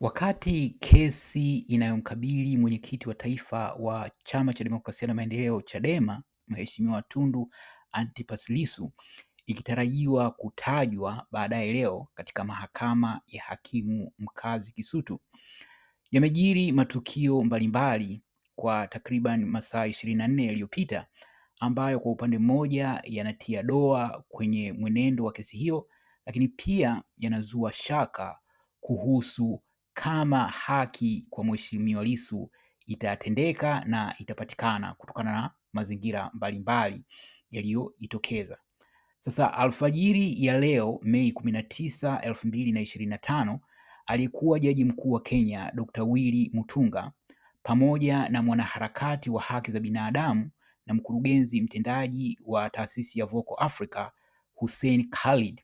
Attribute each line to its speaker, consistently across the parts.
Speaker 1: Wakati kesi inayomkabili mwenyekiti wa taifa wa Chama cha Demokrasia na Maendeleo Chadema, Mheshimiwa Tundu Antipas Lissu ikitarajiwa kutajwa baadaye leo katika mahakama ya hakimu mkazi Kisutu, yamejiri matukio mbalimbali kwa takriban masaa ishirini na nne yaliyopita ambayo kwa upande mmoja yanatia doa kwenye mwenendo wa kesi hiyo, lakini pia yanazua shaka kuhusu kama haki kwa mheshimiwa Lissu itatendeka na itapatikana kutokana na mazingira mbalimbali yaliyojitokeza. Sasa alfajiri ya leo Mei 19, 2025 aliyekuwa jaji mkuu wa Kenya Dr. Willy Mutunga pamoja na mwanaharakati wa haki za binadamu na mkurugenzi mtendaji wa taasisi ya Vocal Africa Hussein Khalid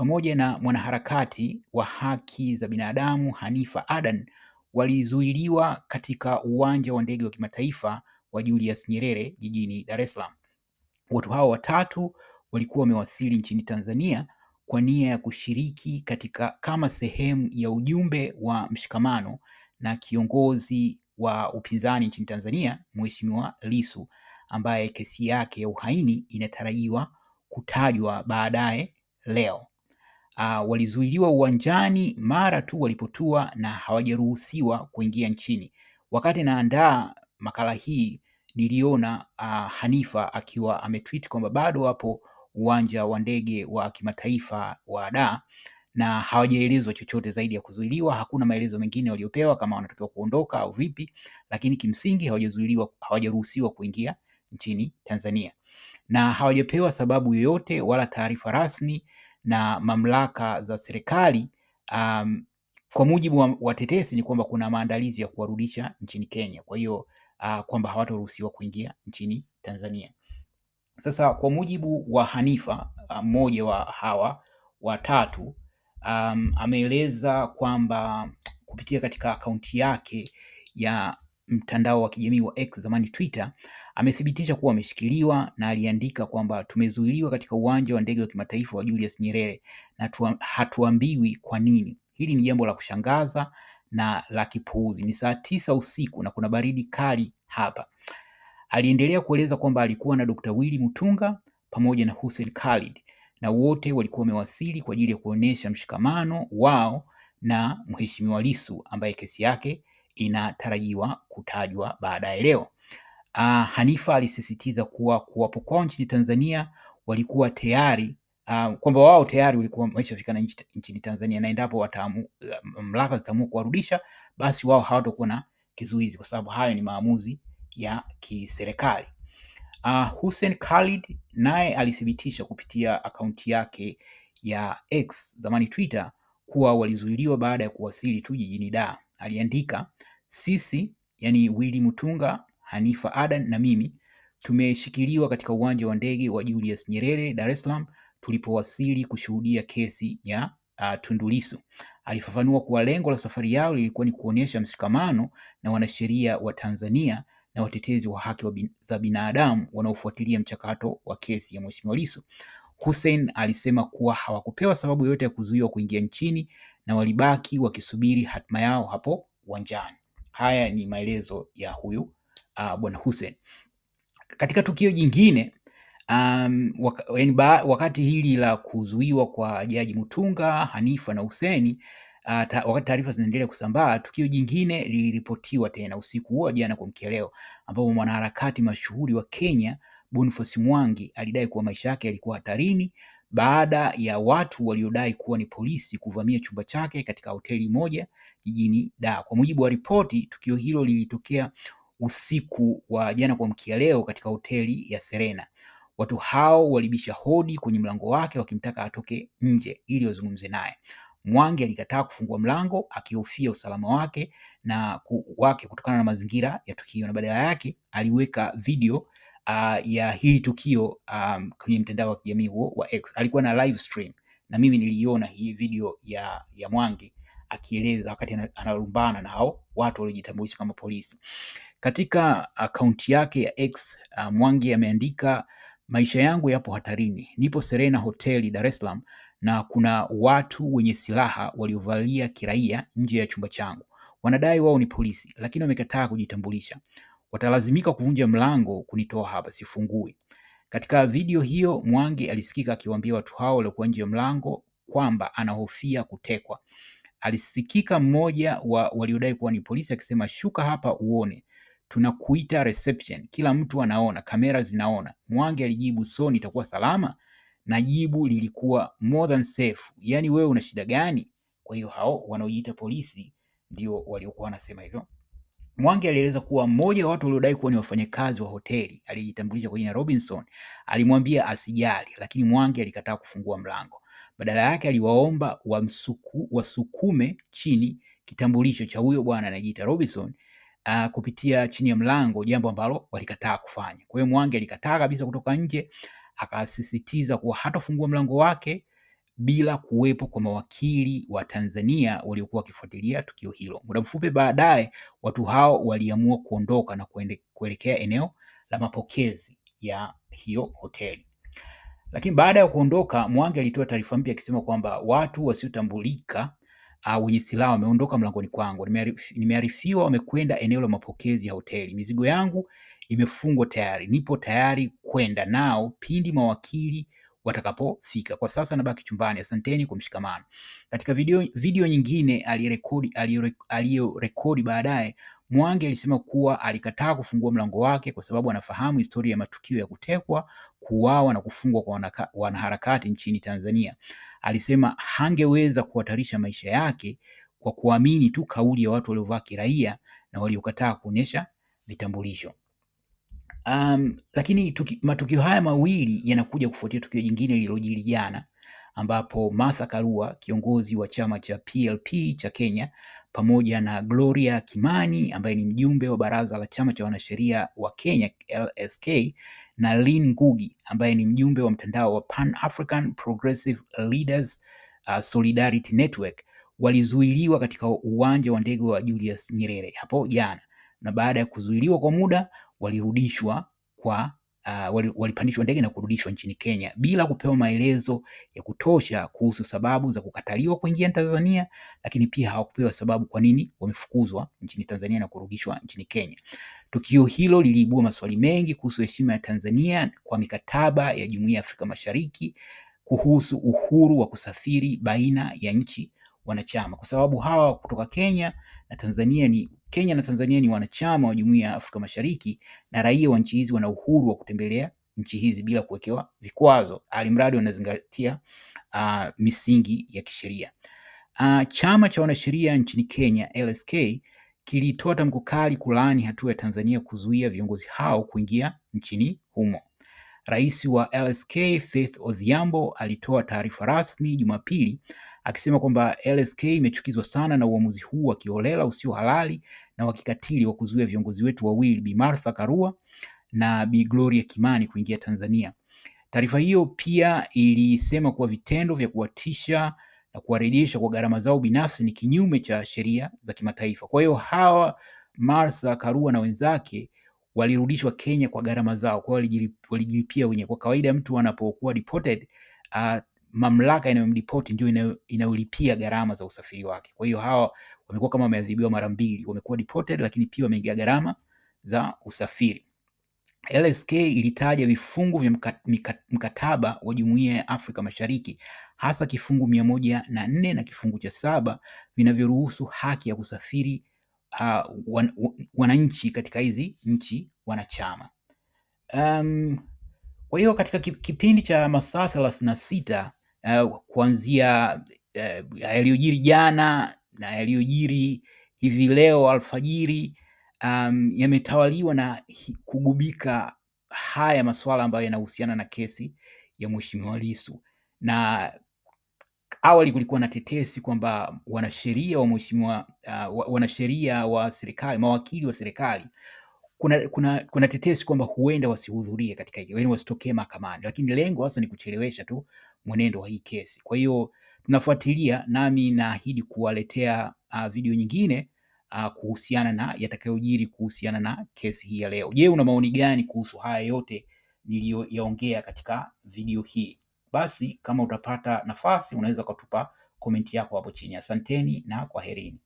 Speaker 1: pamoja na mwanaharakati wa haki za binadamu Hanifa Adan walizuiliwa katika uwanja wa ndege wa kimataifa wa Julius Nyerere jijini Dar es Salaam. Watu hao watatu walikuwa wamewasili nchini Tanzania kwa nia ya kushiriki katika kama sehemu ya ujumbe wa mshikamano na kiongozi wa upinzani nchini Tanzania Mheshimiwa lisu ambaye kesi yake ya uhaini inatarajiwa kutajwa baadaye leo uh, walizuiliwa uwanjani mara tu walipotua na hawajaruhusiwa kuingia nchini. Wakati naandaa makala hii niliona uh, Hanifa akiwa ametweet kwamba bado wapo uwanja wa ndege wa kimataifa wa Dar na hawajaelezwa chochote zaidi ya kuzuiliwa. Hakuna maelezo mengine waliopewa kama wanatakiwa kuondoka au vipi, lakini kimsingi hawajazuiliwa, hawajaruhusiwa kuingia nchini Tanzania na hawajapewa sababu yoyote wala taarifa rasmi na mamlaka za serikali um, kwa mujibu wa watetesi ni kwamba kuna maandalizi ya kuwarudisha nchini Kenya. Kwa hiyo uh, kwamba hawataruhusiwa kuingia nchini Tanzania. Sasa kwa mujibu wa Hanifa, mmoja uh, wa hawa watatu um, ameeleza kwamba kupitia katika akaunti yake ya mtandao wa kijamii wa X zamani Twitter, amethibitisha kuwa ameshikiliwa na aliandika kwamba tumezuiliwa katika uwanja wa ndege wa kimataifa wa Julius Nyerere na hatuambiwi kwa nini. Hili ni jambo la kushangaza na la kipuuzi. Ni saa tisa usiku na kuna baridi kali hapa. Aliendelea kueleza kwamba alikuwa na Dr. Willy Mutunga pamoja na Hussein Khalid na wote walikuwa wamewasili kwa ajili ya kuonesha mshikamano wao na Mheshimiwa Lissu ambaye kesi yake inatarajiwa kutajwa baadaye leo. Uh, Hanifa alisisitiza kuwa kuwapo kwao nchini Tanzania walikuwa tayari uh, kwamba wao tayari walikuwa wameshafikana nchini Tanzania na endapo wataamu, mamlaka zitaamua kuwarudisha basi wao hawatakuwa na kizuizi kwa sababu hayo ni maamuzi ya kiserikali. Uh, Hussein Khalid naye alithibitisha kupitia akaunti yake ya X zamani Twitter kuwa walizuiliwa baada ya kuwasili tu jijini Dar. Aliandika, sisi yani Willy Mutunga, Hanifa Adan na mimi tumeshikiliwa katika uwanja wa ndege wa Julius Nyerere Dar es Salaam tulipowasili kushuhudia kesi ya uh, Tundu Lissu. Alifafanua kuwa lengo la safari yao lilikuwa ni kuonyesha mshikamano na wanasheria wa Tanzania na watetezi wa haki wa bin, za binadamu wanaofuatilia mchakato wa kesi ya Mheshimiwa Lissu. Hussein alisema kuwa hawakupewa sababu yote ya kuzuiwa kuingia nchini na walibaki wakisubiri hatima yao hapo uwanjani. Haya ni maelezo ya huyu uh, bwana Hussein. Katika tukio jingine um, wak yaani wakati hili la kuzuiwa kwa Jaji Mutunga, Hanifa na Hussein Uh, ta, wakati taarifa zinaendelea kusambaa, tukio jingine liliripotiwa tena usiku huo jana kwa mkeleo ambapo mwanaharakati mashuhuri wa Kenya Boniface Mwangi alidai kuwa maisha yake yalikuwa hatarini baada ya watu waliodai kuwa ni polisi kuvamia chumba chake katika hoteli moja jijini Dar. Kwa mujibu wa ripoti, tukio hilo lilitokea usiku wa jana kuamkia leo katika hoteli ya Serena. Watu hao walibisha hodi kwenye mlango wake wakimtaka atoke nje ili wazungumze naye. Mwangi alikataa kufungua mlango akihofia usalama wake na ku, wake kutokana na mazingira ya tukio na badala yake aliweka video uh, ya hili tukio um, kwenye mtandao wa kijamii huo wa X. Alikuwa na live stream na mimi niliona hii video ya, ya Mwangi akieleza wakati analumbana na hao watu waliojitambulisha kama polisi. Katika akaunti yake ya X uh, Mwangi ameandika maisha yangu yapo hatarini, nipo Serena hoteli Dar es Salaam na kuna watu wenye silaha waliovalia kiraia nje ya chumba changu, wanadai wao ni polisi, lakini wamekataa kujitambulisha watalazimika kuvunja mlango kunitoa hapa, sifungui. Katika video hiyo Mwangi alisikika akiwaambia watu hao waliokuwa nje ya mlango kwamba anahofia kutekwa. Alisikika mmoja wa waliodai kuwa ni polisi akisema, shuka hapa uone, tunakuita reception, kila mtu anaona, kamera zinaona. Mwangi alijibu, so nitakuwa salama? Na jibu lilikuwa more than safe, yaani wewe una shida gani? Kwa hiyo hao wanaojiita polisi ndio waliokuwa wanasema hivyo. Mwangi alieleza kuwa mmoja wa watu waliodai kuwa ni wafanyakazi wa hoteli aliyejitambulisha kwa jina Robinson alimwambia asijali, lakini Mwangi alikataa kufungua mlango. Badala yake aliwaomba wamsuku, wasukume chini kitambulisho cha huyo bwana anajiita Robinson uh, kupitia chini ya mlango, jambo ambalo walikataa kufanya. Kwa hiyo Mwangi alikataa kabisa kutoka nje, akasisitiza kuwa hatafungua mlango wake bila kuwepo kwa mawakili wa Tanzania waliokuwa wakifuatilia tukio hilo. Muda mfupi baadaye, watu hao waliamua kuondoka na kuelekea eneo la mapokezi ya hiyo hoteli. Lakini baada ya kuondoka, Mwangi alitoa taarifa mpya akisema kwamba watu wasiotambulika uh, wenye silaha wameondoka mlangoni kwangu. Nimearifiwa wamekwenda eneo la mapokezi ya hoteli. Mizigo yangu imefungwa tayari, nipo tayari kwenda nao pindi mawakili watakapofika. Kwa sasa nabaki chumbani, asanteni kwa mshikamano. Katika video, video nyingine aliyorekodi aliyorekodi baadaye Mwangi alisema kuwa alikataa kufungua mlango wake kwa sababu anafahamu historia ya matukio ya kutekwa, kuuawa na kufungwa kwa wanaharakati nchini Tanzania. Alisema hangeweza kuhatarisha maisha yake kwa kuamini tu kauli ya watu waliovaa kiraia na waliokataa kuonyesha vitambulisho. Um, lakini tuki, matukio haya mawili yanakuja kufuatia tukio jingine lililojiri jana ambapo Martha Karua kiongozi wa chama cha PLP cha Kenya pamoja na Gloria Kimani ambaye ni mjumbe wa baraza la chama cha wanasheria wa Kenya LSK na Lynn Ngugi ambaye ni mjumbe wa mtandao wa Pan African Progressive Leaders uh, Solidarity Network walizuiliwa katika uwanja wa ndege wa Julius Nyerere hapo jana, na baada ya kuzuiliwa kwa muda walirudishwa kwa uh, walipandishwa ndege na kurudishwa nchini Kenya bila kupewa maelezo ya kutosha kuhusu sababu za kukataliwa kuingia Tanzania, lakini pia hawakupewa sababu kwa nini wamefukuzwa nchini Tanzania na kurudishwa nchini Kenya. Tukio hilo liliibua maswali mengi kuhusu heshima ya Tanzania kwa mikataba ya Jumuiya ya Afrika Mashariki kuhusu uhuru wa kusafiri baina ya nchi wanachama, kwa sababu hawa kutoka Kenya na Tanzania ni Kenya na Tanzania ni wanachama wa Jumuiya ya Afrika Mashariki na raia wa nchi hizi wana uhuru wa kutembelea nchi hizi bila kuwekewa vikwazo, alimradi wanazingatia uh, misingi ya kisheria. Uh, chama cha wanasheria nchini Kenya LSK kilitoa tamko kali kulaani hatua ya Tanzania kuzuia viongozi hao kuingia nchini humo. Rais wa LSK Faith Odhiambo alitoa taarifa rasmi Jumapili akisema kwamba LSK imechukizwa sana na uamuzi huu wa kiholela usio halali na wa kikatili wa kuzuia viongozi wetu wawili Bi Martha Karua na Bi Gloria Kimani kuingia Tanzania. Taarifa hiyo pia ilisema kuwa vitendo vya kuwatisha na kuwarejesha kwa gharama zao binafsi ni kinyume cha sheria za kimataifa. Kwa hiyo hawa Martha Karua na wenzake walirudishwa Kenya kwa gharama zao, kwa hiyo walijilipia wenyewe. Kwa kawaida mtu anapokuwa deported, uh, mamlaka inayomripoti ndio inayolipia gharama za usafiri wake. Kwa hiyo hawa wamekuwa kama wameadhibiwa mara mbili, wamekuwa deported, lakini pia wameingia gharama za usafiri. LSK ilitaja vifungu vya mkataba wa Jumuiya ya Afrika Mashariki hasa kifungu mia moja na nne na kifungu cha saba vinavyoruhusu haki ya kusafiri uh, wan, wananchi katika hizi nchi wanachama. Um, kwa hiyo katika kipindi cha masaa thelathini na sita uh, kuanzia uh, yaliyojiri jana na yaliyojiri hivi leo alfajiri um, yametawaliwa na kugubika haya masuala ambayo yanahusiana na kesi ya Mheshimiwa Lissu na awali kulikuwa na tetesi kwamba wanasheria wa mheshimiwa uh, wanasheria wa serikali mawakili wa serikali kuna, kuna, kuna tetesi kwamba huenda wasihudhurie katika, yaani wasitokee mahakamani, lakini lengo hasa ni kuchelewesha tu mwenendo wa hii kesi. Kwa hiyo tunafuatilia, nami naahidi kuwaletea uh, video nyingine uh, kuhusiana na yatakayojiri kuhusiana na kesi hii ya leo. Je, una maoni gani kuhusu haya yote niliyoyaongea katika video hii? Basi kama utapata nafasi, unaweza ukatupa komenti yako hapo chini. Asanteni na kwaherini.